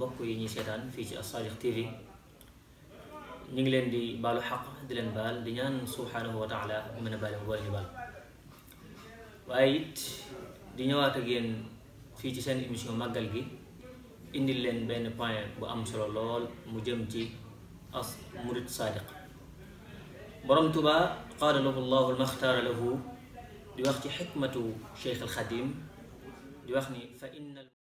mbokk yi ñi seetaan fi ci as TV ñi ngi leen di balu xaq di leen baal di ñaan subhanahu wa taala mu mën a baale mu boole ñu baal waaye it di ñëwaat ak yéen fii ci seen émission màggal gi indi leen benn point bu am solo lool mu jëm ci as murid sadiq borom tuba qaada lahu llahu almaxtaara lahu di wax ci xikmatu cheikh alxadim di wax ni fa inna